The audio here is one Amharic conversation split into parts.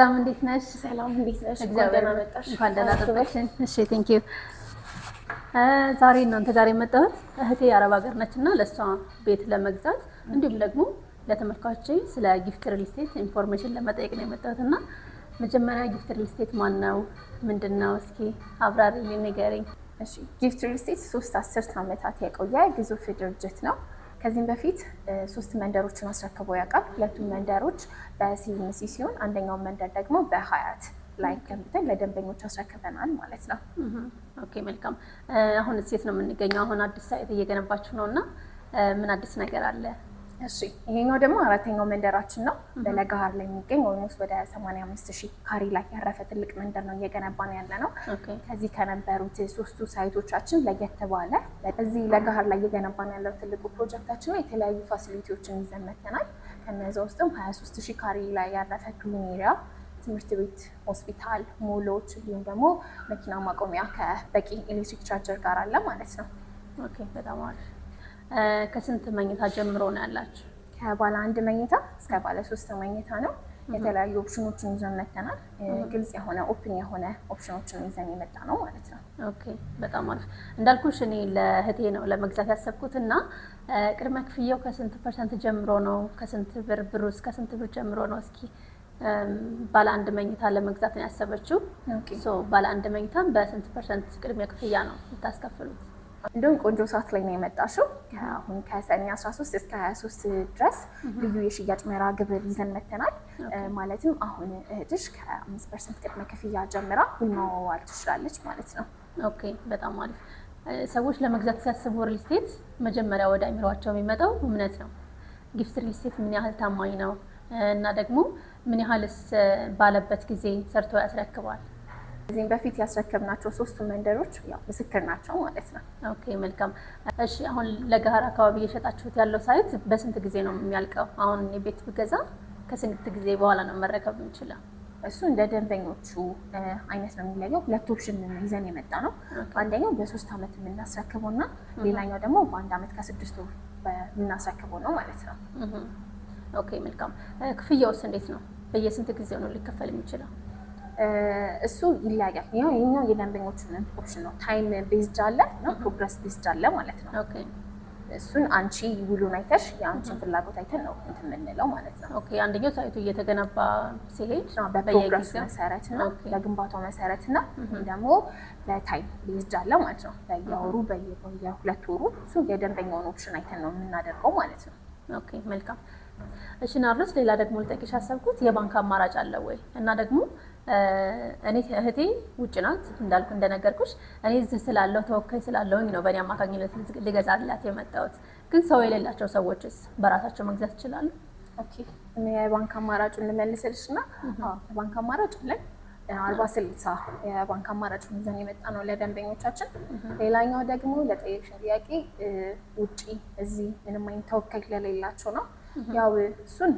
ሰላም እንዴት ነሽ? ሰላም እንዴት ነሽ? እንኳን ደህና ጠበቅሽን። እሺ ቴንክ ዩ። ዛሬ እናንተ ጋር የመጣሁት እህቴ የአረብ ሀገር ነች እና ለእሷ ቤት ለመግዛት እንዲሁም ደግሞ ለተመልካች ስለ ጊፍት ሪልስቴት ኢንፎርሜሽን ለመጠየቅ ነው የመጣሁት እና መጀመሪያ ጊፍት ሪልስቴት ማን ነው? ምንድን ነው? እስኪ አብራሪ ንገሪኝ። ጊፍት ሪልስቴት ሶስት አስርት ዓመታት የቆየ ግዙፍ ድርጅት ነው። ከዚህም በፊት ሶስት መንደሮችን አስረክቦ ያውቃል። ሁለቱም መንደሮች በሲኤምሲ ሲሆን አንደኛውን መንደር ደግሞ በሀያት ላይ ገንብተን ለደንበኞች አስረክበናል ማለት ነው። ኦኬ መልካም። አሁን እሴት ነው የምንገኘው። አሁን አዲስ ሳይት እየገነባችሁ ነው እና ምን አዲስ ነገር አለ? እሺ ይሄኛው ደግሞ አራተኛው መንደራችን ነው። በለገሃር ላይ የሚገኝ ኦልሞስት ወደ 85 ሺህ ካሬ ላይ ያረፈ ትልቅ መንደር ነው እየገነባን ያለ ነው። ከዚህ ከነበሩት ሶስቱ ሳይቶቻችን ለየት ባለ እዚህ ለገሃር ላይ እየገነባን ያለው ትልቁ ፕሮጀክታችን ነው። የተለያዩ ፋሲሊቲዎችን ይዘን መጥተናል። ውስጥም 23 ሺህ ካሬ ላይ ያረፈ ግሪን ኤሪያ ትምህርት ቤት፣ ሆስፒታል፣ ሞሎች እንዲሁም ደግሞ መኪና ማቆሚያ ከበቂ ኤሌክትሪክ ቻርጀር ጋር አለ ማለት ነው። ኦኬ በጣም አሪፍ ከስንት መኝታ ጀምሮ ነው ያላችሁ? ከባለ አንድ መኝታ እስከ ባለ ሶስት መኝታ ነው። የተለያዩ ኦፕሽኖችን ይዘን መተናል። ግልጽ የሆነ ኦፕን የሆነ ኦፕሽኖችን ይዘን የመጣ ነው ማለት ነው። ኦኬ በጣም አሪፍ። እንዳልኩሽ እኔ ለህቴ ነው ለመግዛት ያሰብኩት እና ቅድመ ክፍያው ከስንት ፐርሰንት ጀምሮ ነው? ከስንት ብር ብሩ እስከ ስንት ብር ጀምሮ ነው? እስኪ ባለ አንድ መኝታ ለመግዛት ነው ያሰበችው። ባለ አንድ መኝታ በስንት ፐርሰንት ቅድሚያ ክፍያ ነው የምታስከፍሉት? እንደውም ቆንጆ ሰዓት ላይ ነው የመጣሽው። አሁን ከሰኔ 13 እስከ 23 ድረስ ልዩ የሽያጭ መርሃ ግብር ይዘን መተናል። ማለትም አሁን እህትሽ ከ5 ፐርሰንት ቅድመ ክፍያ ጀምራ ሁሉ ትችላለች ማለት ነው። ኦኬ፣ በጣም አሪፍ። ሰዎች ለመግዛት ሲያስቡ ሪል ስቴት መጀመሪያ ወደ አይምሯቸው የሚመጣው እምነት ነው። ጊፍት ሪል ስቴት ምን ያህል ታማኝ ነው እና ደግሞ ምን ያህልስ ባለበት ጊዜ ሰርቶ ያስረክባል ከዚህም በፊት ያስረከብናቸው ሶስቱ መንደሮች ምስክር ናቸው ማለት ነው። ኦኬ መልካም። እሺ አሁን ለገሀር አካባቢ እየሸጣችሁት ያለው ሳይት በስንት ጊዜ ነው የሚያልቀው? አሁን የቤት ብገዛ ከስንት ጊዜ በኋላ ነው መረከብ የምንችለው? እሱ እንደ ደንበኞቹ አይነት ነው የሚለየው። ሁለት ኦፕሽን ይዘን የመጣ ነው። አንደኛው በሶስት አመት የምናስረክበው እና ሌላኛው ደግሞ በአንድ አመት ከስድስት ወር የምናስረክበው ነው ማለት ነው። ኦኬ መልካም። ክፍያውስ እንዴት ነው? በየስንት ጊዜው ነው ሊከፈል የሚችለው? እሱ ይለያያል። ይህኛው የደንበኞቹን ኦፕሽን ነው። ታይም ቤዝድ አለ ነው ፕሮግረስ ቤዝድ አለ ማለት ነው። እሱን አንቺ ውሉን አይተሽ የአንቺን ፍላጎት አይተን ነው እንትን የምንለው ማለት ነው። ኦኬ አንደኛው ሳይቱ እየተገነባ ሲሄድ በፕሮግረስ መሰረት ነው በግንባታው መሰረት እና ደግሞ በታይም ቤዝድ አለ ማለት ነው። በየወሩ በየሁለት ወሩ እሱ የደንበኛውን ኦፕሽን አይተን ነው የምናደርገው ማለት ነው። ኦኬ መልካም። እሺ ናርዶስ፣ ሌላ ደግሞ ልጠይቅሽ ያሰብኩት የባንክ አማራጭ አለ ወይ እና ደግሞ እኔ እህቴ ውጭ ናት እንዳልኩ እንደነገርኩሽ፣ እኔ እዚህ ስላለው ተወካይ ስላለውኝ ነው በእኔ አማካኝነት ልገዛላት የመጣሁት። ግን ሰው የሌላቸው ሰዎችስ በራሳቸው መግዛት ይችላሉ? የባንክ አማራጩን ልመልስልሽ እና የባንክ አማራጭ ላይ አርባ ስልሳ የባንክ አማራጭ ይዘን የመጣ ነው ለደንበኞቻችን። ሌላኛው ደግሞ ለጠየቅሽን ጥያቄ ውጪ እዚህ ምንም አይነት ተወካይ ለሌላቸው ነው። ያው እሱን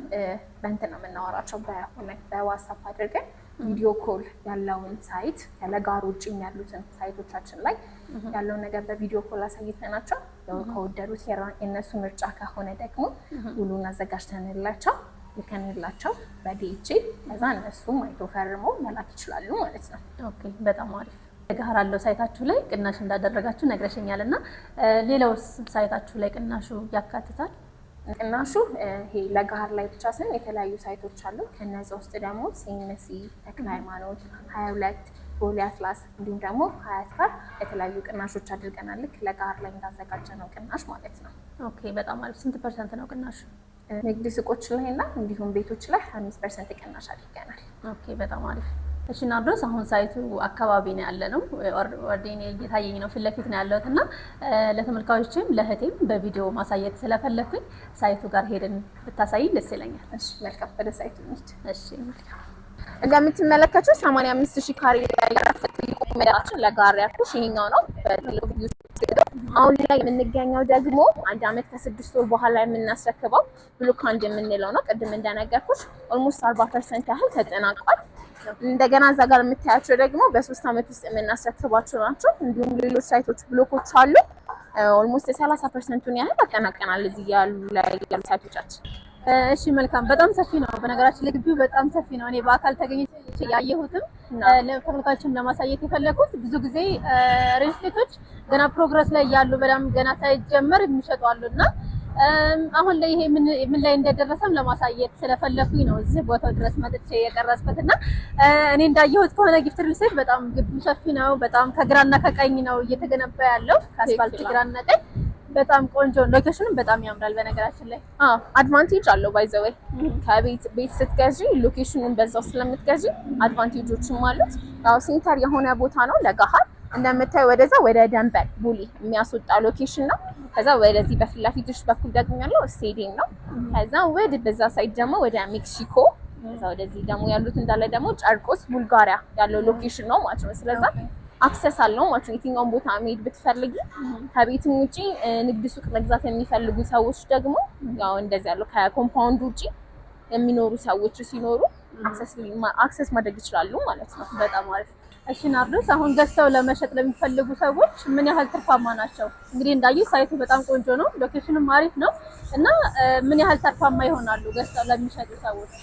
በእንትን ነው የምናወራቸው በሆነ በዋትሳፕ አድርገን ቪዲዮ ኮል ያለውን ሳይት ያለ ውጭ ውጭም ያሉትን ሳይቶቻችን ላይ ያለውን ነገር በቪዲዮ ኮል አሳይተናቸው ከወደዱት የእነሱ ምርጫ ከሆነ ደግሞ ሁሉን አዘጋጅተንላቸው ልከንላቸው በዲኤች ከዛ እነሱ አይቶ ፈርሞ መላክ ይችላሉ ማለት ነው። ኦኬ በጣም አሪፍ። ጋር አለው ሳይታችሁ ላይ ቅናሽ እንዳደረጋችሁ ነግረሽኛል እና ሌላውስ ሳይታችሁ ላይ ቅናሹ ያካትታል? ቅናሹ ይሄ ለጋር ላይ ብቻ ሳይሆን የተለያዩ ሳይቶች አሉ። ከነዚ ውስጥ ደግሞ ሴኒሲ፣ ተክለ ሃይማኖት፣ ሀያ ሁለት ቦሌ አትላስ እንዲሁም ደግሞ ሀያት ጋር የተለያዩ ቅናሾች አድርገናል። ልክ ለጋር ላይ እንዳዘጋጀ ነው ቅናሽ ማለት ነው። ኦኬ በጣም አሪፍ። ስንት ፐርሰንት ነው ቅናሽ? ንግድ ሱቆች ላይ እና እንዲሁም ቤቶች ላይ አምስት ፐርሰንት ቅናሽ አድርገናል። ኦኬ በጣም አሪፍ እሺ ናርዶስ፣ አሁን ሳይቱ አካባቢ ነው ያለ ነው። ወርዴን እየታየኝ ነው፣ ፊት ለፊት ነው ያለሁት እና ለተመልካቾችም ለእህቴም በቪዲዮ ማሳየት ስለፈለኩኝ ሳይቱ ጋር ሄደን ብታሳይኝ ደስ ይለኛል። እሺ መልካም፣ ወደ ሳይቱ ነች። እሺ እንደምትመለከቱት 85 ሺህ ካሬ ላይ ትልቁ መዳችን ለጋር ያልኩሽ ይሄኛው ነው። አሁን ላይ የምንገኘው ደግሞ አንድ አመት ከስድስት ወር በኋላ የምናስረክበው ብሎክ አንድ የምንለው ነው። ቅድም እንደነገርኩሽ ኦልሞስት 40 ያህል ተጠናቋል። እንደገና እዛ ጋር የምታያቸው ደግሞ በሶስት አመት ውስጥ የምናስረክባቸው ናቸው። እንዲሁም ሌሎች ሳይቶች ብሎኮች አሉ። ኦልሞስት የሰላሳ ፐርሰንቱን ያህል አጠናቀናል እዚህ ያሉ ላይ ያሉ ሳይቶቻችን። እሺ መልካም። በጣም ሰፊ ነው በነገራችን ለግቢው በጣም ሰፊ ነው። እኔ በአካል ተገኝቼ ያየሁትም ተመልካቾችም ለማሳየት የፈለኩት ብዙ ጊዜ ሪልስቴቶች ገና ፕሮግረስ ላይ ያሉ በጣም ገና ሳይጀመር የሚሸጡ አሉና አሁን ላይ ይሄ ምን ላይ እንደደረሰም ለማሳየት ስለፈለኩኝ ነው እዚህ ቦታው ድረስ መጥቼ የቀረጽኩት እና እኔ እንዳየሁት ከሆነ ጊፍት ሪልስቴት በጣም ግቢው ሰፊ ነው። በጣም ከግራና ከቀኝ ነው እየተገነባ ያለው ከአስፋልት ግራና ቀኝ። በጣም ቆንጆ ሎኬሽኑም በጣም ያምራል። በነገራችን ላይ አድቫንቴጅ አለው ባይ ዘ ወይ ከቤት ቤት ስትገዢ ሎኬሽኑን በዛው ስለምትገዢ አድቫንቴጆችም አሉት። ያው ሴንተር የሆነ ቦታ ነው ለጋሃር እንደምታዩ ወደዛ ወደ ደንበል ቡሊ የሚያስወጣ ሎኬሽን ነው። ከዛ ወደዚህ በፊት ለፊትሽ በኩል ደግሞ ያለው ስቴዲየም ነው። ከዛ ወደ በዛ ሳይድ ደግሞ ወደ ሜክሲኮ ከዛ ወደዚህ ደግሞ ያሉት እንዳለ ደግሞ ጨርቆስ ቡልጋሪያ ያለው ሎኬሽን ነው ማለት ነው። ስለዛ አክሰስ አለው ማለት ነው። የትኛውን ቦታ መሄድ ብትፈልጊ ከቤትም ውጪ ንግድ ሱቅ መግዛት የሚፈልጉ ሰዎች ደግሞ ያው እንደዚህ ያለው ከኮምፓውንድ ውጪ የሚኖሩ ሰዎች ሲኖሩ አክሰስ ማድረግ ይችላሉ ማለት ነው። በጣም አሪፍ እሺ ናርዶስ፣ አሁን ገዝተው ለመሸጥ ለሚፈልጉ ሰዎች ምን ያህል ትርፋማ ናቸው? እንግዲህ እንዳየ ሳይቱ በጣም ቆንጆ ነው፣ ሎኬሽኑም አሪፍ ነው እና ምን ያህል ትርፋማ ይሆናሉ ገዝተው ለሚሸጡ ሰዎች?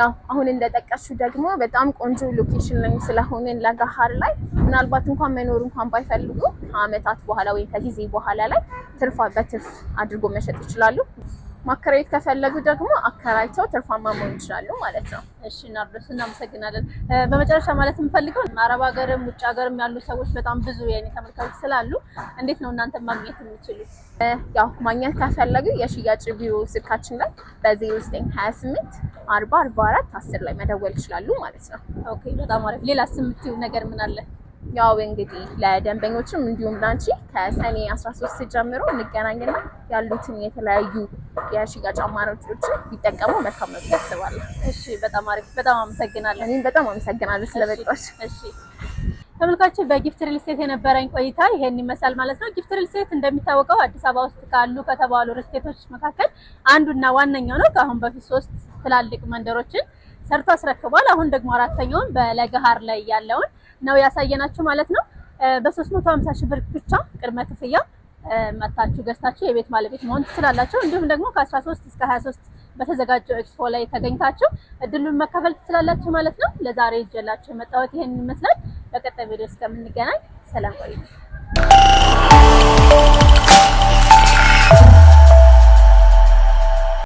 ያው አሁን እንደጠቀሱ ደግሞ በጣም ቆንጆ ሎኬሽን ላይ ስለሆነ ለጋሃር ላይ ምናልባት እንኳን መኖር እንኳን ባይፈልጉ ከአመታት በኋላ ወይም ከጊዜ በኋላ ላይ ትርፋ በትርፍ አድርጎ መሸጥ ይችላሉ። ማከራየት ከፈለጉ ደግሞ አከራይተው ትርፋማ መሆን ይችላሉ ማለት ነው። እሺ ናርዶስ እናመሰግናለን። በመጨረሻ ማለት የምፈልገው አረብ ሀገርም ውጭ ሀገርም ያሉ ሰዎች በጣም ብዙ የኔ ተመልካች ስላሉ እንዴት ነው እናንተ ማግኘት የምችሉት? ያው ማግኘት ከፈለጉ የሽያጭ ቢሮ ስልካችን ላይ በ0928 44 10 ላይ መደወል ይችላሉ ማለት ነው። ኦኬ በጣም አሪፍ። ሌላ ስምት ነገር ምን አለ? ያው እንግዲህ ለደንበኞችም እንዲሁም ላንቺ ከሰኔ 13 ጀምሮ እንገናኝና ያሉትን የተለያዩ የሽያጭ አማራጮችን ቢጠቀሙ መልካም ነው ብዬ እሺ፣ በጣም አሪፍ። በጣም አመሰግናለሁ። እኔም በጣም አመሰግናለሁ ስለመጣሽ። እሺ ተመልካቾች በጊፍት ሪል ስቴት የነበረኝ ቆይታ ይሄን ይመስላል ማለት ነው። ጊፍት ሪል ስቴት እንደሚታወቀው አዲስ አበባ ውስጥ ካሉ ከተባሉ ሪል ስቴቶች መካከል አንዱና ዋነኛው ነው። ከአሁን በፊት ሶስት ትላልቅ መንደሮችን ሰርቶ አስረክቧል። አሁን ደግሞ አራተኛውን በለገሃር ላይ ያለውን ነው ያሳየናችሁ ማለት ነው። በ350 ሺህ ብር ብቻ ቅድመ ክፍያ መታችሁ ገዝታችሁ የቤት ባለቤት መሆን ትችላላችሁ። እንዲሁም ደግሞ ከ13 እስከ 23 በተዘጋጀው ኤክስፖ ላይ ተገኝታችሁ እድሉን መከፈል ትችላላችሁ ማለት ነው። ለዛሬ ይዤላችሁ የመጣሁት ይሄን ይመስላል። በቀጣይ ቪዲዮ እስከምንገናኝ ሰላም ቆዩ።